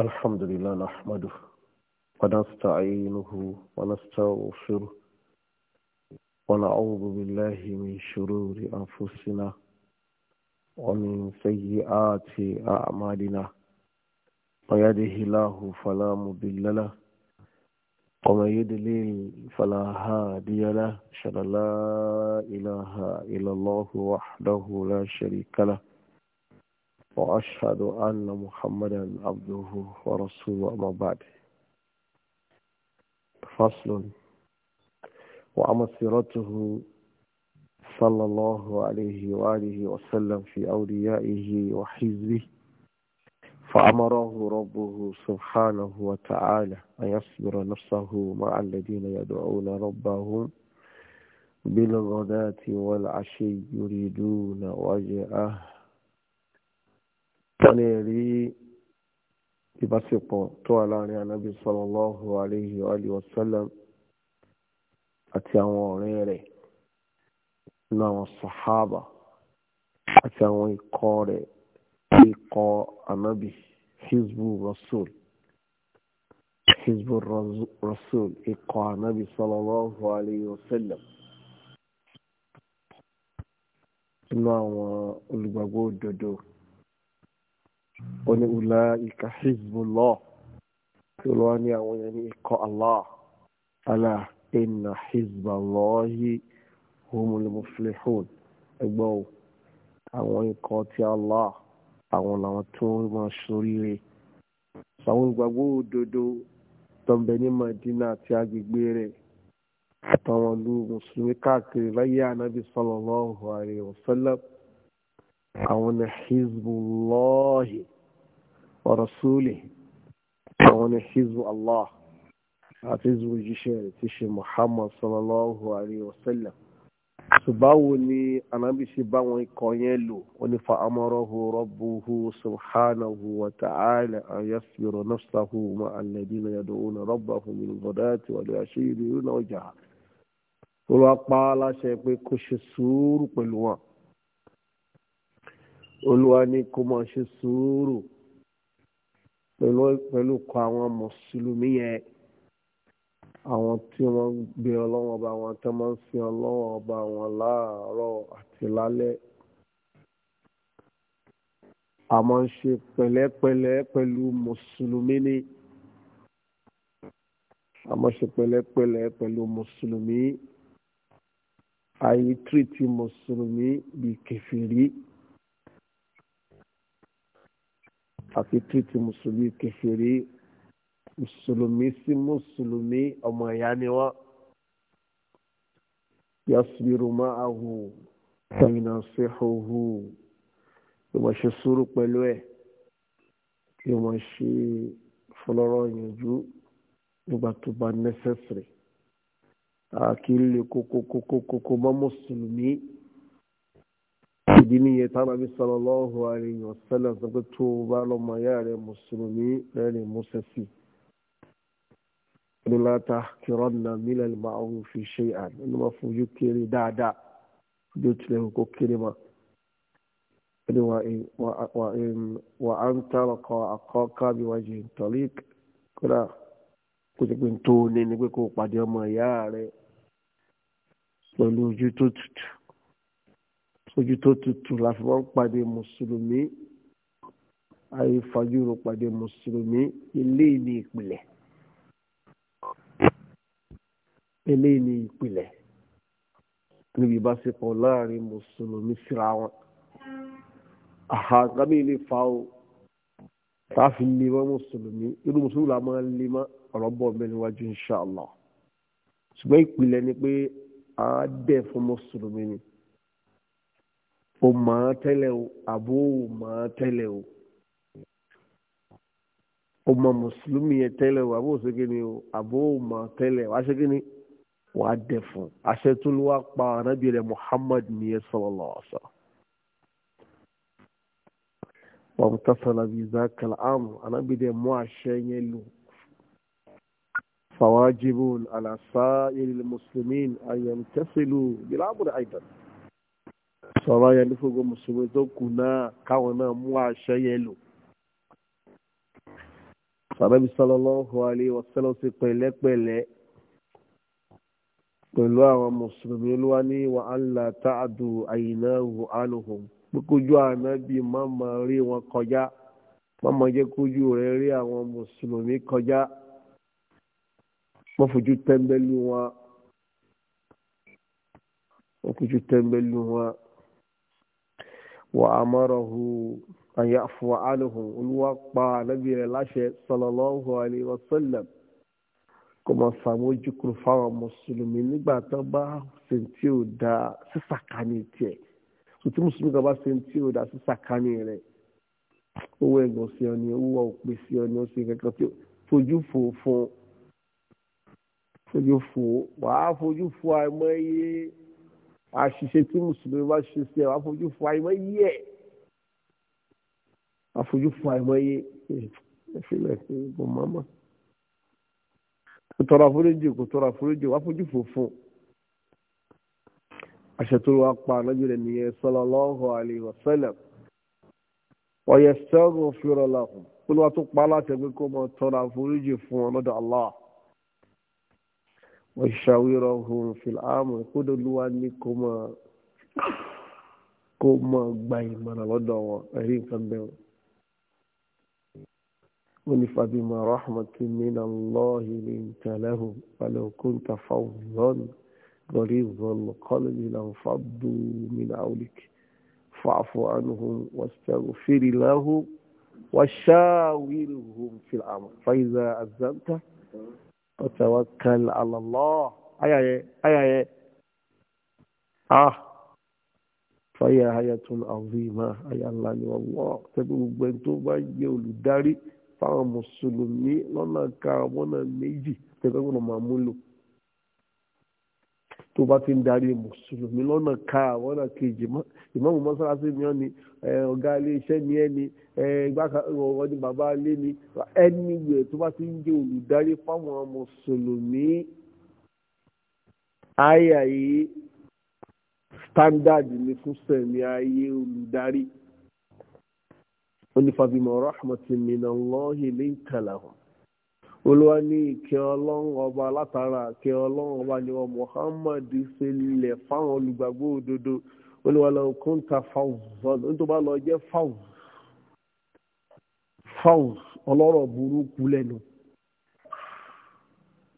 الحمد لله نحمده ونستعينه ونستغفره ونعوذ بالله من شرور أنفسنا ومن سيئات أعمالنا ويده الله فلا مضل له ومن يدلل فلا هادي له أشهد لا إله إلا الله وحده لا شريك له وأشهد أن محمدا عبده ورسوله أما بعد فصل وأما سيرته صلى الله عليه وآله وسلم في أوليائه وحزبه فأمره ربه سبحانه وتعالى أن يصبر نفسه مع الذين يدعون ربهم بالغداة والعشي يريدون وجهه wọ́n ní ẹ̀rí ìbáṣepọ̀ tó wà láàrin anábì sallallahu alayhi wa alihi wa sallam àti àwọn ọ̀rẹ́ rẹ̀ nínú àwọn sàhábà àti àwọn ikọ̀ rẹ̀ ikọ̀ anábì hizbu rasul hizbu rasul ikọ̀ anábì sallallahu alayhi wa sallam nínú àwọn olùgbàgbọ́ òdodo ó ní ulaika hizbullah tí olúwa ní àwọn yẹn ní ikọ̀ allah ala inna hizballahi humul muflihun ẹgbọ́ o àwọn ikọ̀ tí allah àwọn làwọn tó máa ṣoríire sàwọn ìgbàgbọ́ òdodo tọ́ǹbẹ̀ ní madina àti agbègbè rẹ̀ àtàwọn ìlú mùsùlùmí káàkiri láyé ànábì sallallahu alaihi wasallam àwọn ní hizbullahi. ورسوله ومن حزب الله حزب الجشير تشي محمد صلى الله عليه وسلم سباو انا بي سي باو لو وني فامره ربه سبحانه وتعالى ان يصبر نفسه مع الذين يدعون ربهم بالغداة والعشي يريدون وجهه olùwà pa á láṣẹ pé kó ṣe sùúrù pẹ̀lú wọn olùwà ni kó máa ṣe sùúrù pẹ̀lú kọ àwọn mùsùlùmí yẹn àwọn tí wọ́n gbé ọlọ́wọ́n ọba wọn tó máa ń sin ọlọ́wọ́n ọba wọn láàárọ̀ àti lálẹ́ àmọ́ ń ṣe pẹ̀lẹ́pẹ̀lẹ́ pẹ̀lú mùsùlùmí ni àmọ́ ṣe pẹ̀lẹ́pẹ̀lẹ́ pẹ̀lú mùsùlùmí àyè tírìtì mùsùlùmí bíi kẹfìrí. àfi tìrìtì mùsùlùmí kẹfìrí mùsùlùmí sí mùsùlùmí ọmọ ìyá ni wọn yasbiru ma'ahu yunasihuhu yóò máa ṣe sùúrù pẹ̀lú ẹ̀ yóò máa ṣe fọlọ́rọ́ yanjú nígbà tó bá necessary àkìlẹ̀ kókókókókó mọ́ mùsùlùmí ìdí nìyẹn táwọn àbí sallallahu alaihi wasallam sọ pé tó o bá lọ́mọ ayá rẹ mùsùlùmí rẹ́rìn músẹ́ sí i la tahqiranna minal ma'rufi shay'an ẹni máa fojú kéré dáadáa bí ó tilẹ̀ kó kéré máa ẹni wà á ń tààrọ̀ kọ àkọ́kọ́ bí wajhin taliq kódà kó ti pé tó o ní pé kó pàdé ọmọ ìyá rẹ pẹ̀lú ojú tó tutù ojú tó tutù láfiwọ́n pàdé mùsùlùmí àìfàjúrò pàdé mùsùlùmí eléyìí ní ìpìlẹ̀ eléyìí ní ìpìlẹ̀ níbi ìbáṣepọ̀ láàrin mùsùlùmí síra wọn àhàgámì lè fa o táàfin lè mọ́ mùsùlùmí irú mùsùlùmí la máa ń lè mọ́ ọ̀rọ̀ bọ̀ mẹ́rin wájú inṣàlá ṣùgbọ́n ìpìlẹ̀ ni pé àádẹ́ fún mùsùlùmí ni o mọ̀ ọ́n tẹ́lẹ̀ o àbó o mọ̀ ọ́n tẹ́lẹ̀ o o mọ̀ mùsùlùmí yẹn e tẹ́lẹ̀ o àbó o ṣe kí ni o àbó o mọ̀ ọ́n tẹ́lẹ̀ o wá ṣe kí fún àṣẹ tó ló wá pa ànábì rẹ̀ Muhammad nìyẹn sallallahu alaihi wasallam. wà á tẹ̀sán àbí zakal am ànábì rẹ̀ mú àṣẹ yẹn lò. فواجب على سائر المسلمين أن يمتثلوا بالأمر أيضا sọ̀rọ̀ yẹn ní fúngbọ́n mùsùlùmí tó kù náà káwọn náà mú àṣẹ yẹn lò sàbẹ́bí sallallahu alaihi wasallam sí pẹ̀lẹ́pẹ̀lẹ́ pẹ̀lú àwọn mùsùlùmí olúwa ní wa alla ta'du aynahu anhum pé kójú ànábì má mọ rí wọn kọjá má jẹ́ kójú rẹ̀ rí àwọn mùsùlùmí kọjá má fojú tẹ́ńbẹ́lú wọn má fojú tẹ́ńbẹ́lú wọn wà á mọ́rọ̀hu àyàfọ̀ àlùhùn olúwa pa ànábì rẹ̀ láṣẹ sallallahu alayhi wa sallam kó máa ṣàmójúkúrò fáwọn mùsùlùmí nígbà tó bá ṣe tí ò da sísàkánì tiẹ̀ tòtí mùsùlùmí kan bá ṣe tí sísàkánì rẹ̀ owó ẹ̀gbọ́n sí ọ ni owó ọ̀pẹ sí ọ ni ó sì kankan tí fojú fò fún fojú fò wàá fojú fò àìmọye àṣìṣe tí mùsùlùmí bá ṣe sí ẹ wàá fojú fún àìmọ̀ yẹ wàá fojú fún àìmọ̀ yẹ ẹ fílẹ̀ sí ipò mọ́mọ́ kò tọrọ àforíjì kò tọrọ àforíjì wàá fojú fò fún àṣẹ tó wàá pa ànájú rẹ nìyẹn sallallahu alaihi wasallam wa yastaghfiru lahum kó ló wàá tó pa láti ẹgbẹ́ kó mọ tọrọ àforíjì fún ọ lọ́dọ̀ Allah wàṣàwírọ̀hùn fìlàmù kódolúwa ní kó máa gba ìmọ̀ràn lọ́dọ̀ wọn ẹ̀rí nǹkan bẹ́ẹ̀ wọ́n ní fàbímọ̀ rahmatin min Allah linta lahum walaw kunta fawzan غليظ القلب لانفضوا من عولك فاعف عنهم واستغفر لهم وشاورهم في الامر فاذا عزمت وتوكل على الله آية آية آية آه fáyà hayatun azima àyà ńlá ni Allah tẹ́gbẹ́ gbogbo ẹni tó bá yẹ olùdarí fáwọn mùsùlùmí lọ́nà karùn-ún lọ́nà na tẹ́gbẹ́ gbọ́dọ̀ na múlò tó ti ń na ka na ìmọ̀mù mọ́sálásí ni ọ́ ni ọ̀gá ilé iṣẹ́ ni ẹ́ ni ìgbàkọ̀ọ́ ni bàbá ilé ni ẹni wẹ̀ tó bá ti ń jẹ́ olùdarí fáwọn mùsùlùmí àyà standard ni fún sẹ̀mí ayé olùdarí onífàbímọ̀ rahmatin minallahi lintalahum olúwa ní ìkẹ́ ọlọ́run ọba látara ìkẹ́ ọlọ́run ọba ni wọn Muhammad ṣe lẹ̀ fáwọn olùgbàgbọ́ òdodo olùwàlọ́ kúńtà fáwùs nítorí bá lọ jẹ́ fáwùs fáwùs ọlọ́rọ̀ burúkú lẹ́nu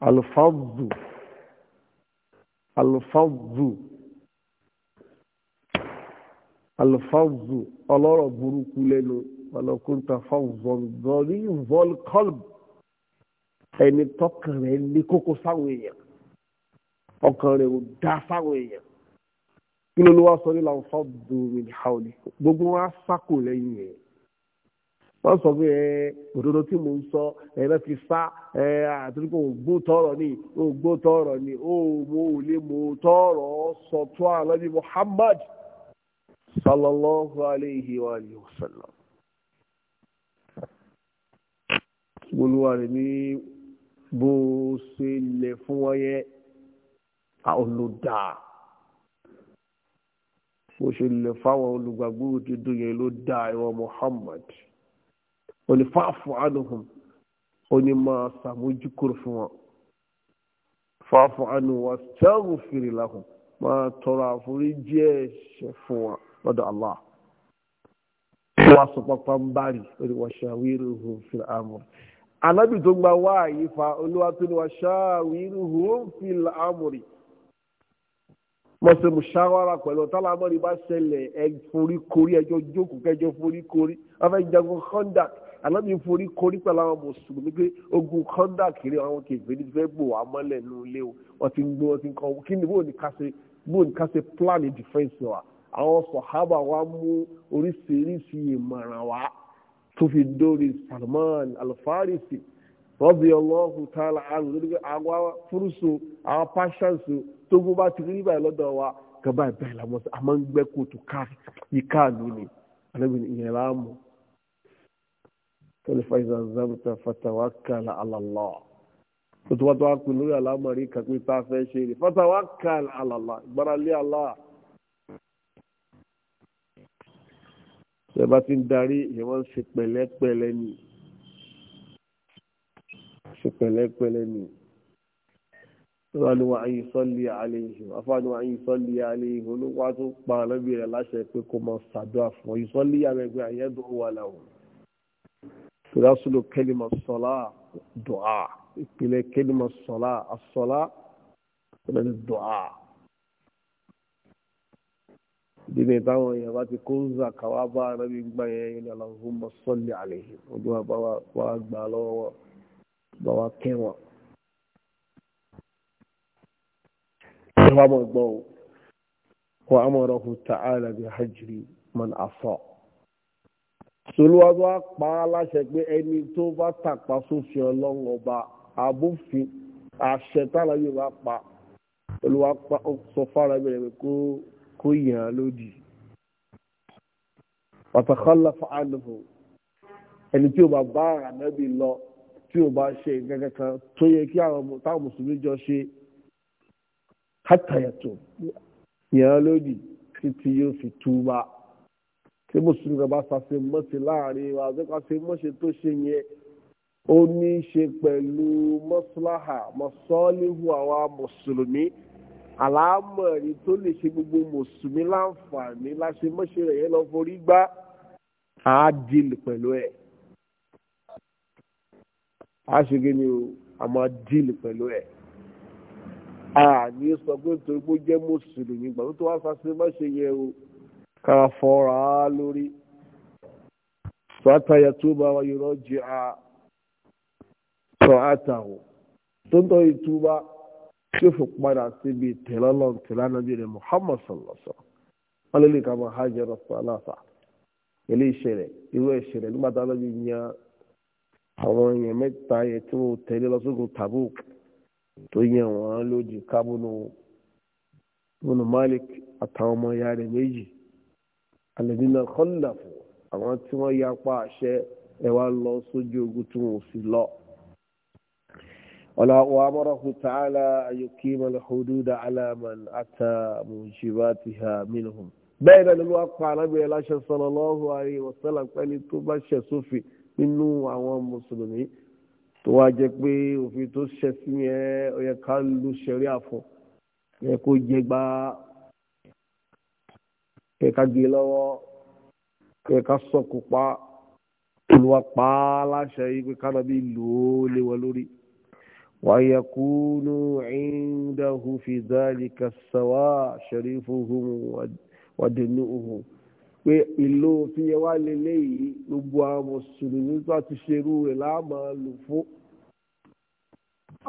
alfáwùsù alfáwùsù alfáwùsù ọlọ́rọ̀ burúkú lẹ́nu ọlọ́ kúńtà fáwùs zọrí volkolb ẹni tọkàn rẹ̀ ní kókó sáwọn èèyàn ọkàn rẹ̀ ò dá sáwọn èèyàn kí ló ló wá sọ nílà fọ́ọ̀dù mìlíhàùlì gbogbo wa sákò lẹ́yìn ẹ̀ wọ́n sọ pé ẹ òdodo tí mò ń sọ ẹ bẹ́ẹ̀ fi sá ẹ àtúntò kò gbó tọrọ ni ò gbó tọrọ ni ó mo ò lè mo tọrọ sọ tó àlọ́bí Muhammad sallallahu alayhi wa alihi wa sallam. olúwa rẹ̀ bó ṣe lè fún wọn yẹ àwọn olùdáà. bó ṣe lè fáwọn olùgbàgbọ́ òdodo yẹn ló dá ìwọ Muhammad ó fáfù anuhum ó máa ṣàmójúkúrò fún wọn fáfù anu wastaghfir lahum máa tọrọ àforíjì ẹ̀ṣẹ̀ fún wọn lọ́dọ̀ Allah wọ́n sọ pápá ń bárì lórí washawiruhum fil amr anábì tó gba fa olúwa tó ní mọ̀sẹ̀ mùsàwárà pẹ̀lú ọ̀tàlá amọ́ni bá ṣẹlẹ̀ ẹ forí korí ẹjọ́ jókòó kẹjọ forí korí afẹ́ jagun Khandak alábi forí korí pẹ̀lú àwọn mùsùlùmí pé ogun Khandak kiri àwọn kèfèrí fẹ́ gbò wá mọ́lẹ̀ nù ilé o wọ́n ti ń gbó wọ́n ti ń kọ́ kí ni bóun ní ká ṣe bóun ní ká ṣe plan defence wa àwọn sọ̀hábà wa mú oríṣiríṣi ìmọ̀ràn wa tó fi dórí Salman Al-Farisi radiyallahu ta'ala anhu lórí àwọn fúrúṣu àwọn passions tó bó bá ti rí báyìí lọ́dọ̀ wa kan báyìí báyìí làwọn sọ àmọ́ ń gbẹ́ kóòtù yíká ìlú ni àlẹ́bí ni ìyẹn láà mú. tọ́lifà ìzà zamta fatawakkal ala Allah tó wá tó wá pè lórí àlámọ̀rí kan tá a fẹ́ ṣe rè fatawakkal ala Allah ìgbára lé Allah. ti ń darí ìyẹn wọ́n ṣe pẹ̀lẹ́pẹ̀lẹ́ ni ṣe pẹ̀lẹ́pẹ̀lẹ́ ni olúwa ayé sọ́lì àlẹ́yìn afáàdùn ayé sọ́lì àlẹ́yìn olúwa tó pa ànábì rẹ̀ láṣẹ pé kó máa ṣàdúrà fún ọyìn sọ́lì àmẹ́ pé àyẹ́dùn wà láwọn. tòdásùlù kẹ́lìmọ̀ sọ́lá dùá ìpìlẹ̀ kẹ́lìmọ̀ táwọn èèyàn bá ti kó ń zà káwá bá ànábì gbà yẹn yẹn lọ́wọ́ sọ́lì àlẹ́yìn olúwa bá wa gbà lọ́wọ́ bá wa kẹ́wọ̀n. wá mọ̀ gbọ́ o wa amarahu ta'ala bi hajri man asa solúwàtò apá aláṣẹ pé ẹni tó bá tàpá sófin ọlọ́run ọba abófin àṣẹ tálà yóò bá pa olúwa sọ fára bẹ̀rẹ̀ pé kó yàn án lódì pàtàkàlà fàánùfò ẹni tí ó bá bá àràmẹ́bí lọ tí ó bá ṣe nǹkan kankan tó yẹ kí àwọn táwọn mùsùlùmí jọ ṣe hátàyàtò ìyàn lódì títí yóò fi túbà tí mùsùlùmí kan bá ṣàṣe mọ́ṣe láàrin wa àgbẹ̀ká ṣe mọ́ṣe tó ṣe yẹn ó ní í ṣe pẹ̀lú mọ́ṣáláhà mọ́ṣọ́líhù àwa mùsùlùmí àlámọ̀rí tó lè ṣe gbogbo mùsùlùmí láǹfààní láṣẹ mọ́ṣe rẹ̀ yẹn lọ forí gbá àádìlì pẹ̀lú ẹ̀ àṣegé ni o àmọ́ díìlì pẹ̀lú ẹ̀ àní ah, ah, sọ pé nítorí pé ó jẹ́ mùsùlùmí gbàgbọ́ tó wá sase má ṣe yẹ o kára fọ́ra lórí sọ́tà yàtúbà wa yọ̀rọ̀ jẹ́ a sọ́tà o tó ń tọ́ ìtúbà tí ó fi padà síbi tẹ̀lọ́lọ́ tẹ̀lánàbí rẹ̀ Muhammad sallọ́sọ wọ́n lè lè ka máa hajj rẹ̀ sọ́láfà ilé iṣẹ́ rẹ̀ irú ẹ̀ṣẹ̀ rẹ̀ nígbà tá a lọ́ọ́ yan àwọn èèyàn mẹ́ta yẹn tí wọ́n tẹ̀lé lọ Tabuk. tó yẹ wọ́n lódì kábùnù bùnú Malik àtàwọn ọmọ ìyá rẹ̀ méjì alẹ́dínà kọ́lìlàfọ̀ àwọn tí wọ́n yapa àṣẹ ẹ lọ sójú ogun tí wọ́n sì lọ. وأمره تعالى أن ti الحدود على من أتى موجباتها منهم بين الواقع نبي الله صلى الله عليه وسلم قال تبشى صوفي nínú àwọn mùsùlùmí tó wá jẹ pé òfin tó ṣẹ sí yẹn ó yẹ ká lu ṣẹrí àfọ yẹ kó jẹ gbá yẹ ká gé lọ́wọ́ yẹ ká sọkò pa olùwà pa á láṣẹ yìí pé ká nàbí lò ó léwọ lórí. ويكون عنده في ذلك السواء شريفهم ودنوهم pé في òfin yẹn wá lélẹ́yìí gbogbo àwọn mùsùlùmí tó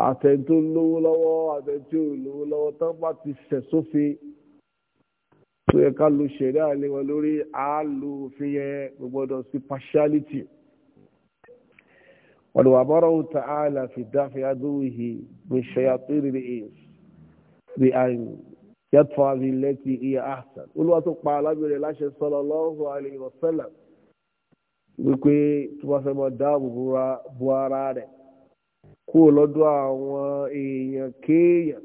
àtẹni tó lówó lọ́wọ́ àtẹni tó lówó lọ́wọ́ tán bá ti ṣẹ̀ sófin tó yẹ ká lo ṣẹ̀rí àlẹ́ wọn lórí àálò òfin yẹn gbọ́dọ̀ sí partiality. wọ́n wà bọ́rọ̀ ó ta àlà fi dáfẹ́ adóhìí ṣayàtò ìrírí èèyàn bí àyìn yàtọ̀ àbí lẹ́tì iye àṣàn. olúwa tó pa alábìrẹ̀ láṣẹ sallallahu alaihi wasallam wípé tó bá fẹ́ mọ dáàbò bo ara rẹ̀ kúrò lọ́dọ̀ àwọn èèyàn kéèyàn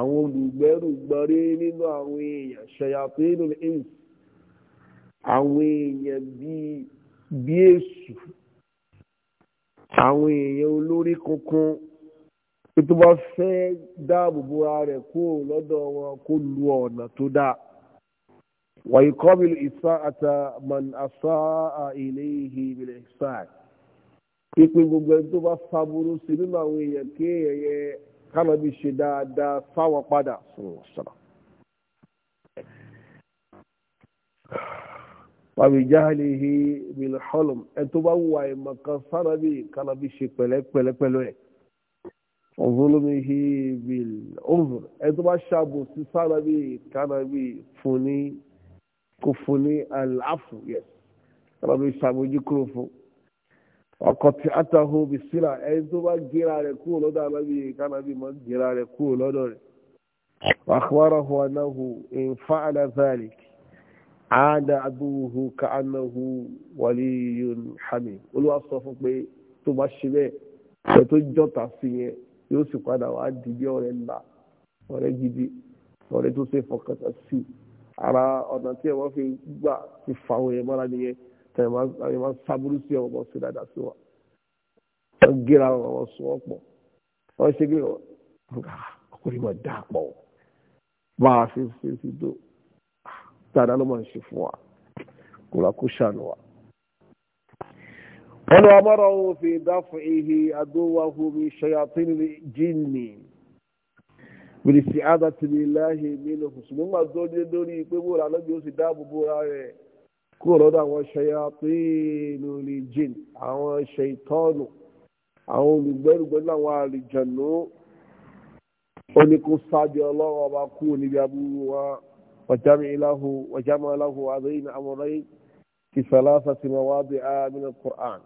àwọn olùgbẹ́rù gbọ́rí nínú àwọn èèyàn ṣẹ̀yàtọ̀ nínú èèyàn àwọn èèyàn bí èṣù àwọn èèyàn olórí kunkun tó bá fẹ́ dáàbò bora rẹ̀ kúrò lọ́dọ̀ wọn kó lu ọ̀nà tó dáa wàyíkọ́ bí ìsá àtàmàn àṣà àìlèyìn ìbílẹ̀ ìsáà pípín gbogbo ẹni tó bá faburú sí nínú àwọn èèyàn kéèyàn yẹ kánábì ṣe dáadáa fáwọn padà sọ̀rọ̀ sọ̀rọ̀. wàbí jáhálìhì bilholm ẹni tó bá wà ìmọ̀ kan sánábì kánábì ṣe pẹ̀lẹ́pẹ̀lẹ́ pẹ̀lú ẹ̀ ọ̀zọ́lómihi bil ọ̀zọ̀ ẹni tó bá ṣàbò sí sánábì kánábì fún ní kò fún ní àlàáfù yẹ kánábì ṣàbójú kúrò fún ọkọ̀ tí a ta ho bí sílà ẹni tó bá gera rẹ̀ kúrò lọ́dọ̀ alábí kánábí mọ́ gera rẹ̀ kúrò lọ́dọ̀ rẹ̀ wàhùwárà hù anáhù ìfà àlàzáàlì àádá àdúhù ká anáhù wàlíyùn hàmì olúwa sọ fún pé tó bá ṣe bẹ́ẹ̀ ẹ tó jọ́ta sí yẹn yóò sì padà wá di bí ńlá ọ̀rẹ́ gidi ọ̀rẹ́ tó ṣe fọkàtà sí ara ọ̀nà tí ẹ̀ wọ́n fi gbà ti fà wọ̀nyẹn mọ́ra nìyẹn tẹ̀yìn máa ń sábúrú sí ọmọ sí dáadáa sí wa wọ́n gíra wọn wọ́n sún ọ̀pọ̀ wọ́n ṣe kí ah, ọkùnrin máa dá pọ̀ bá a ṣe ṣe tó ah, dáadáa ló máa ń ṣe fún wa kò lá kó ṣàánú wa. wọ́n ní wọ́n mọ́ra òun fi dáfọ̀ ihe adóhùwáhu mi ṣayatin jinni bìrìsì àdàtìlélàhìn mi ló fò ṣùgbọ́n gbàgbọ́ lórí pé bóra lọ́jọ́ ó sì dáàbò bóra rẹ̀ kúrò lọ́dọ̀ àwọn ṣayatínú lil jinn àwọn ṣaitọ́nù àwọn olùgbẹ́rùgbẹ́rù àwọn àlìjànú ó ní kó sáàbì ọlọ́run ọba kú níbi abúrú wa wàjámìláhù wàjámìláhù àdéhìn amúrẹ́yìn ti sàlásà sí ma wá bí àmìnà Qur'an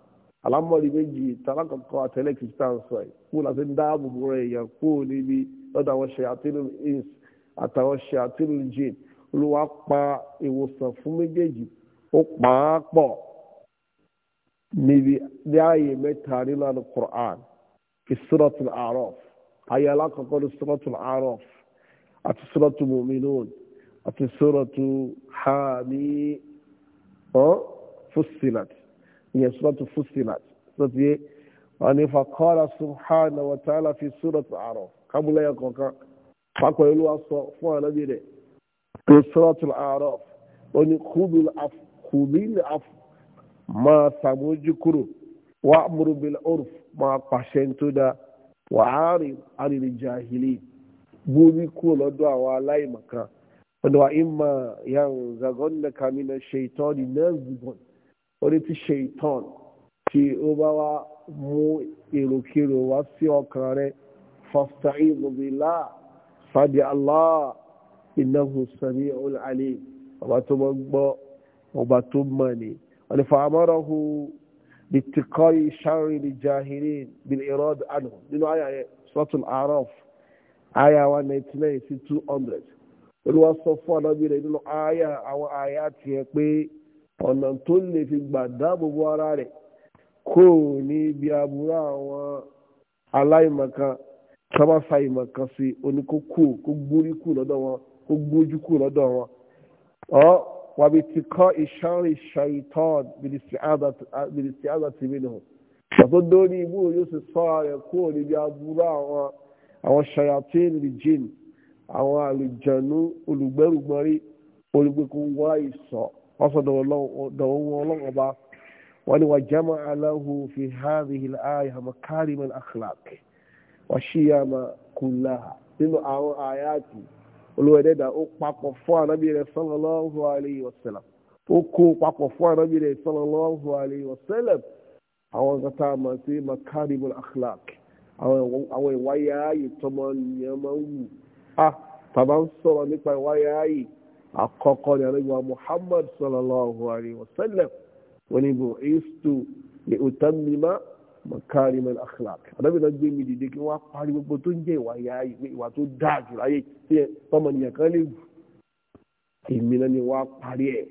alámọ̀lì méjì tàlákọ̀kọ́ àtẹ̀lẹ́ kìrìsìtàn sọ ẹ̀ kú láti ń dáàbò bò rẹ̀ yà kú níbi lọ́dọ̀ àwọn ṣayatínú ins àtàwọn ṣayatínú jinn olùwà pa ìwòsàn fún méjèèjì ó pàápọ̀ níbi ní ààyè mẹ́ta nínú àlù Qur'an fi suratul A'raf ayé alákọ̀ọ́kọ́ ní suratul A'raf àti suratul Mu'minun àti suratul Hami ọ́ Fussilat ìyẹn suratul Fussilat sọ́tí yé wọ́n ní faqala subhanahu wa ta'ala fi suratul A'raf kábùlẹ́yà kọ̀ọ̀kan pápọ̀ ìlú wa sọ fún ànábì rẹ̀ ní suratul A'raf ó ní khudul afọ kùbíl àfù máa sàmójú kúrò wà á múru bil urf máa pàṣẹ tó da wà á rìn arìnrìn jahili gbómi kúrò lọ́dọ̀ àwọn aláìmọ̀kan ọ̀dọ̀ wa ìmà yan zagọ́nlẹ̀ka mina ṣèitán ní nẹ́ẹ̀zùgbọ̀n orí ti ṣèitán tí ó bá wá mú èròkèrò wá sí ọkàn rẹ fasta'idhu billah fàdí Allah innahu sami'ul alim ọba tó mọ́ gbọ́ ọba tó mọ̀ ni wọ́n ni fàmọ́rọ̀hù bìtìkọ́rì sharri lil jahilin bil irad anhu nínú àyà yẹn suratul sí 200 olúwa sọ fún ànábì rẹ̀ nínú àyà àwọn àyà tiẹ̀ pé ọ̀nà tó lè fi gbà dáàbòbò ara rẹ̀ kò ní ibi àbúrò àwọn aláìmọ̀kan sábà fa sí oníkókó kó gbórí kù lọ́dọ̀ wọn kó gbójú kù lọ́dọ̀ wọn. وباتقاء شر الشيطان بالاستعاذة بالاستعاذة منه وتدوني بو يوسف صار يقول بأبورا أو الشياطين للجن أو الجنو ولبر مري ولبكو وايسا أصد الله دعوه الله أبا وأن وجمع له في هذه الآية مكارم الأخلاق وشيما كلها من آياته olùwẹ̀dẹ́dà ó papọ̀ fún ànábì rẹ̀ sallallahu alayhi wa sallam ó kó papọ̀ fún ànábì rẹ̀ sallallahu alayhi wa sallam àwọn nǹkan tá a mọ̀ sí makarimul akhlaq àwọn ìwáyà ayè tọmọ nìyẹn máa ń wù á tàbá ń sọ̀rọ̀ nípa ìwáyà ayè àkọ́kọ́ ní ànábì wa Muhammad sallallahu alayhi wa sallam wọn ni bò ìstù ní utammima makarim al-akhlaq adábìnrin gbé mi dìde kí wọ́n á parí gbogbo tó ń jẹ́ ìwà ìyá ìwé ìwà tó dáa jù láyé tí ẹ tọmọ nìyẹn kan lè wù èmi náà ni wọ́n á parí ẹ̀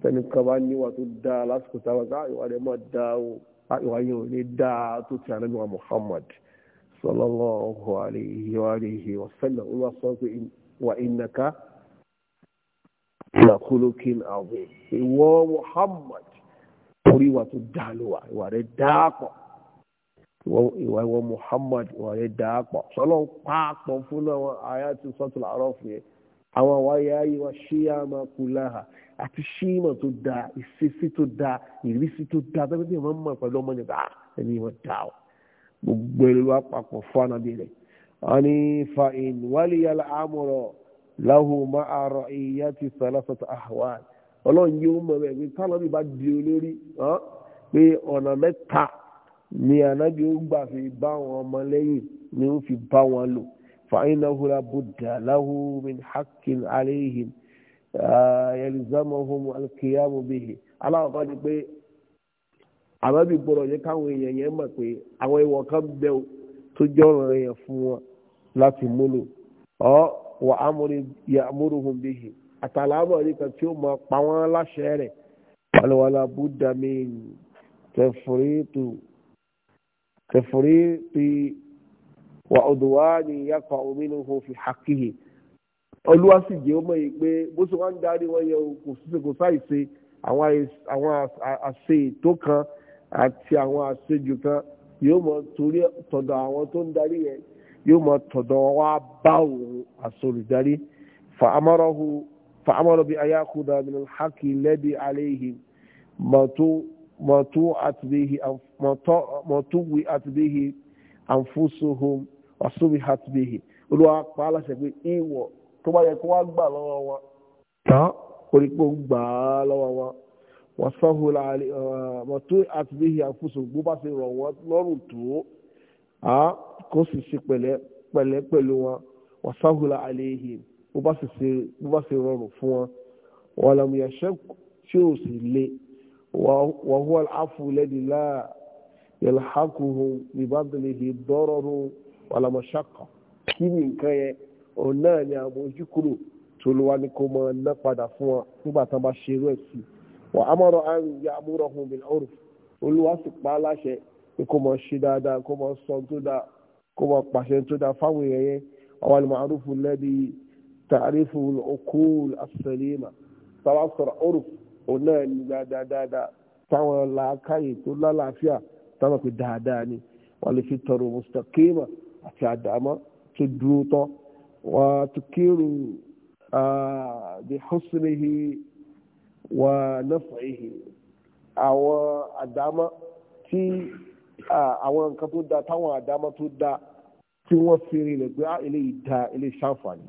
tẹni kan bá níwà tó dáa lásìkò táwọn ká ìwà rẹ̀ máa dáa o ìwà yẹn ò ní dáa tó ti ànábìwà Muhammad sallallahu alayhi wa alihi wa sallam ó wá sọ pé wà innaka la khuluqin azim Muhammad torí ìwà tó dáa ló wà ìwà rẹ̀ dáa pọ̀ ìwà ìwọ Muhammad ìwà rẹ̀ dáa pọ̀ sọlọ́ pàápọ̀ fún àwọn àyà tí sọ́tún àárọ̀ fún yẹn àwọn àwáyé ayé wa ṣíyá máa kú láhà àti ṣíìmọ̀ tó dáa ìṣesí tó dáa ìrísí tó dáa tó bí wọ́n mọ̀ pẹ̀lú ọmọ nígbà ah, ẹni wọ́n dáa o gbogbo èrò wa papọ̀ fún ànábì rẹ̀ wọ́n fa ìwálé yàrá àmúrọ̀ láhùn máa rọ ìyá ti sàlásọ̀tà àwọn ọlọ́run yóò mọ̀ bẹ́ẹ̀ pé tálọ́bì bá di olórí pé ọ̀nà mẹ́ta ni ànábì ó gbà fi bá wọn ọmọ lẹ́yìn ni ó fi bá wọn lò fàáyínáhu labudà lahu min hakin aleihim yalizamuhum alkiyamu bihi aláwọ̀ kan ni pé ànábì gbọ́dọ̀ yẹ káwọn èèyàn yẹn mọ̀ pé àwọn ìwọ̀ kan bẹ́ẹ̀ o tó jọ̀rọ̀ yẹn fún wọn láti múlò ọ́ wà á múri yà múruhùn bihi àtàlámọ̀rí kan tí ó mọ pa wọ́n láṣẹ rẹ̀ alùwàlà búdàmí tẹ̀fúrítù tẹ̀fúrítù wà ọ̀dùnwáàní yàkọ̀ òmìnira fi hàkìhì olúwa sì jẹ́ ọmọ yìí pé bó ṣe wá ń darí wọn yẹ kò ṣiṣẹ́ kò sáìṣe àwọn àṣe ètò kan àti àwọn àṣejù kan yóò mọ torí tọ̀dọ̀ àwọn tó ń darí yẹn yóò mọ tọ̀dọ̀ wá bá òun àṣolùdarí fa amárọ́hu فأمر بأن يأخذ من الحق الذي عليه مطوعت به مطوعت به أنفسهم وصبحت به Olúwa pa á láṣẹ pé ìwọ̀ tó bá yẹ kó wá gbà lọ́wọ́ wọn tán orípò ń gbà á lọ́wọ́ wọn wọ́n sọ́hùlà mọ̀tò àti bíhì àfúsùn bó bá ṣe rọ̀ wọ́n lọ́rùn tó kó sì ṣe pẹ̀lẹ́ pẹ̀lú wọn wọ́n sọ́hùlà àlẹ́ yìí bó bá ṣe rọrùn fún wọn wọn làmú yàṣẹ tí ò sì le wọn wọn afu lẹni láà yẹlẹ hakuhun ìbádìlẹhìn dọrọrùn wọn làmú ṣàkà kí ni nǹkan yẹn òun náà ni àbójú kúrò tó ló wá ní kó máa ná padà fún wọn nígbà tán bá ṣerú ẹ̀ sí wọn amọ̀rọ̀ àrùn ya amúrọ̀hún bil urf olúwa sì pa á láṣẹ pé kó máa ṣe dáadáa kó máa sọ tó dáa kó máa pàṣẹ tó dáa fáwọn èèyàn yẹn àwọn àlùmọ̀ àrùfù lẹ́bi yìí tàrífù ọkùnrin àṣẹlẹ́mà tàbá sọ̀rọ̀ ọ̀rọ̀ òun náà ní dáadáa táwọn làákàyè tó lálàáfíà táwọn pé dáadáa ni wọ́n lè fi tọrọ mustaqima àti àdámọ́ tó dúró tọ́ wọ́n ti kírun bí husnihi wà nafihi àwọn àdámọ́ tí àwọn nǹkan tó da táwọn àdámọ́ tó da tí wọ́n fi rí rẹ̀ pé eléyìí da eléyìí ṣàǹfààní.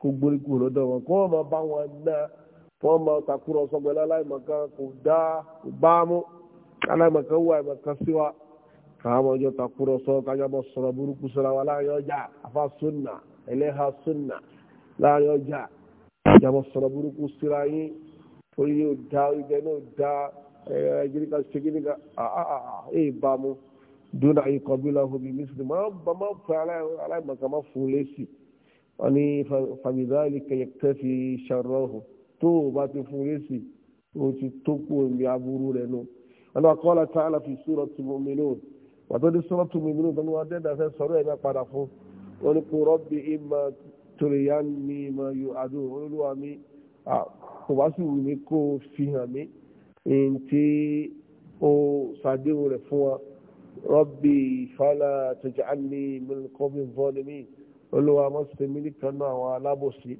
kó gbórí kúrò lọ́dọ̀ wọn kó wọn máa bá wọn ná wọn máa takurọ̀ sọgbẹ́lá aláìmọ̀kan kò dá kò bá mú aláìmọ̀kan wà àìmọ̀kan sí wa káàmọ̀ ọjọ́ takurọ̀ sọ kájọbọ̀ sọ̀rọ̀ burúkú sọ̀rọ̀ wa láàrin ọjà afa sunna ẹlẹ́ha sunna láàrin ọjà kájọbọ̀ sọ̀rọ̀ burúkú síra yín orí yóò dá ibẹ̀ náà dá ẹ̀ẹ́dẹ́gbẹ̀ka ṣẹ́gẹ́dẹ́ka ìbámu dúnà ikọ̀ bí lọ́hùn bí mísìlì máa ń bá máa ń fẹ́ aláìmọ̀kan máa fún lẹ́sìn wọ́n ní fàmìláìlìkẹ yẹtẹ́fì ṣàrọ́hù tó o bá ti fún yéèsì o ti tó kú omi aburú rẹ nu wọn náà kọ́ ọ́ láti àlà fi sùúrọ̀ tó mú mi lóhùn wọ́n tó ní sùúrọ̀ tó mú mi lóhùn tó ní wọ́n dẹ́dà fẹ́ sọ̀rọ̀ ẹ̀ náà padà fún wọn ní kò rọ́bì ìmọ̀ torí yá ni ìmọ̀ yóò mi kò bá sì wù mí kó o fi hàn o ṣàdéhùn rẹ̀ fún wa rọ́bì fàlà tẹ̀jẹ̀ àní mílíọ̀nù kọ́bí olúwa mọ́sùlùmí nìkan náà àwọn alábòsí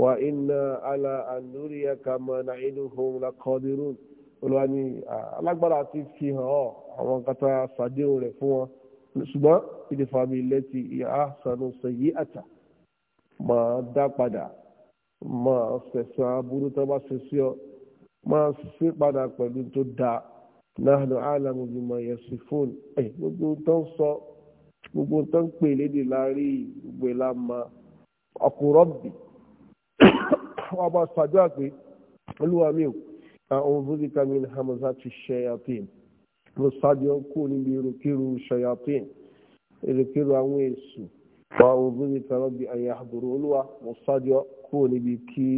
wà iná ala àlúríyà kàmánà inú ohun lakọ́dírún olúwa ní alágbára ti fi hàn ọ́ àwọn kata sàdéhùn rẹ̀ fún wọn ṣùgbọ́n ìdìfàmì lẹ́tì ìyá sanu sẹ́yí àtà máa dá padà máa sẹ̀sán aburú tó bá ṣe sí ọ máa ṣe padà pẹ̀lú tó dáa náà lọ́ àlàmù bímọ yẹn sí fóònù ẹ̀ gbogbo tó ń sọ. gbogbo nǹkan pè lédè láàrí gbogbo ìlà ma ọkùnrọ̀ wọ́n bá ṣàdúrà pé olúwa ò àwọn òbúdíkà mi ní hamza ti ṣe àtìyàn mo ṣàdúrà kú níbi èròkèrò ṣàyàtìyàn àwọn àwọn òbúdíkà àyà àbúrò olúwa mo kú níbi kí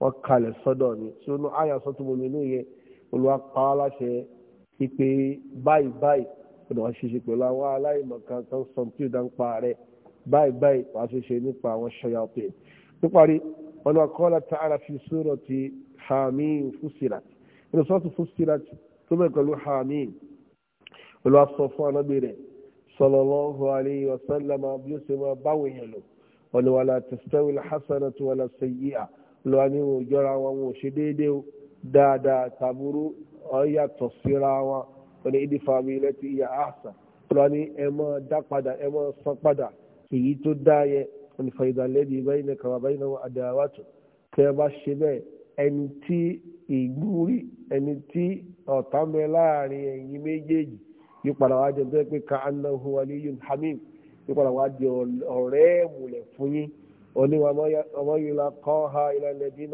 wọ́n kalẹ̀ sọ́dọ̀ ni tí ó ní àyà sọ́tún nínú yẹn olúwa pa á ọ̀dọ̀ wọn ṣiṣẹ́ pẹ̀lú àwọn aláìmọ̀kan tó ń sọ tí ó dá ń pa rẹ̀ báyìí báyìí wàá tún ṣe nípa àwọn ṣọyàpẹ̀ níparí wọn wá qala ta'ala fi surati hamim fusilat inú sọ́ọ̀tù fusilat tó bẹ̀ pẹ̀lú hamim olú wa sọ fún anábì rẹ̀ sallallahu alayhi wa sallama bí ó ṣe máa báwo yẹn lò wọn wala tastawil hasanatu wala sayyi'a lọ ní òjọra wọn ò ṣe déédéé dáadáa tàbúrú ó yàtọ̀ síra wọn. wọ́n ní ìdí fàmí lẹ́tí asaa. àṣà wọ́n ní ẹ máa dá padà èyí tó yẹ lẹ́dí báyìí náà kàwá báyìí náà àdáwà tó tẹ́ bá ṣe bẹ́ẹ̀ ẹni tí ìgbúrí ẹni tí ọ̀tá mẹ́ láàrin ẹ̀yin méjèèjì yóò padà wá jẹ bẹ́ẹ̀ pé ká hamim yóò padà wá jẹ ọ̀rẹ́ fún yín òní yìí la kọ́ ha ìlànà ìdí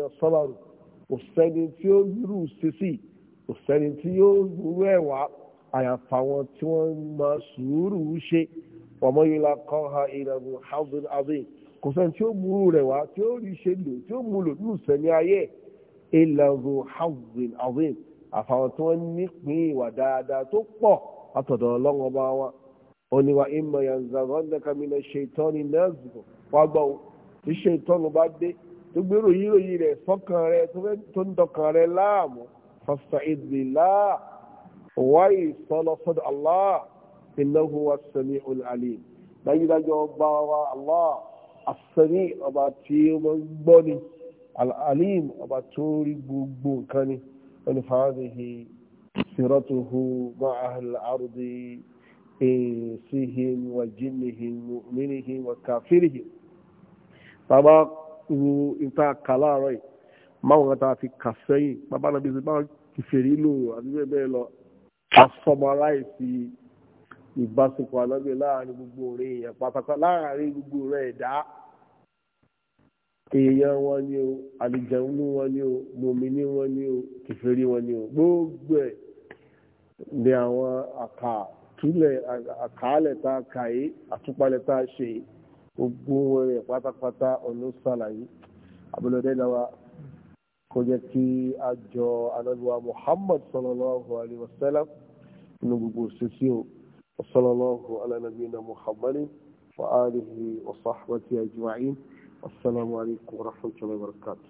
kò sẹ́ni tí yóò rú ẹ̀wà àyàfà wọn tí wọ́n máa sùúrù ṣe ọmọ yìí la kọ́ ha ìrẹ̀bù hazard abin kò sẹ́ni tí ó múrú rẹ̀ wá tí ó rí ṣe lò tí ó mú lò ní ìsẹ̀ni ayé ìlẹ̀rù hazard abin àfàwọn tí wọ́n nípìn ìwà dáadáa tó pọ̀ látọ̀dọ̀ ọlọ́run wa ó ní wa ìmọ̀ yanzà rọ́ndẹ́ka mi lè ṣe ìtọ́ni lẹ́sùn wá gbọ́ tí ṣe ìtọ́nu bá dé tó gbérò yíròyìn rẹ̀ sọ́kàn rẹ̀ tó ń dọkàn rẹ̀ láàmú فاستعذ بالله وصل الله إنه هو السميع العليم دايدا جوبا الله السميع أبا تيوم بني العليم أبا توري بوبون كاني فهذه سيرته مع أهل الأرض إنسهم وجنهم مؤمنهم وكافرهم طبعا إنتا كلا ما هو غتا في كافرين ما بنا بيزي ìfèrí lò àti bẹ́ẹ̀ bẹ́ẹ̀ lọ asọmọláìsí ah. ìbáṣepọ̀ ànábì láàrin gbogbo ọ̀rẹ́ èèyàn pátápátá láàrin gbogbo ọ̀rẹ́ ẹ̀dá èèyàn wọn ni o àlìjẹun wọn ni o mòmíní wọn ni o kìfèrí wọn ni o gbogbo ẹ̀ ni àwọn àkàtúlẹ̀ àkàálẹ̀ tá a kà yìí àtúpalẹ̀ tá a ṣe gbogbo wọn rẹ̀ pátápátá ọ̀nà sàlàyé abúlọ̀dẹ́dáwà kó jẹ́ kí a jọ anábíwá muhammad sallallahu alayhi wa sallam ní gbogbo òṣìṣì o sallallahu ala nabiyina muhammadin wa alihi wa sahbihi ajma'in assalamu alaykum rahmatullahi wa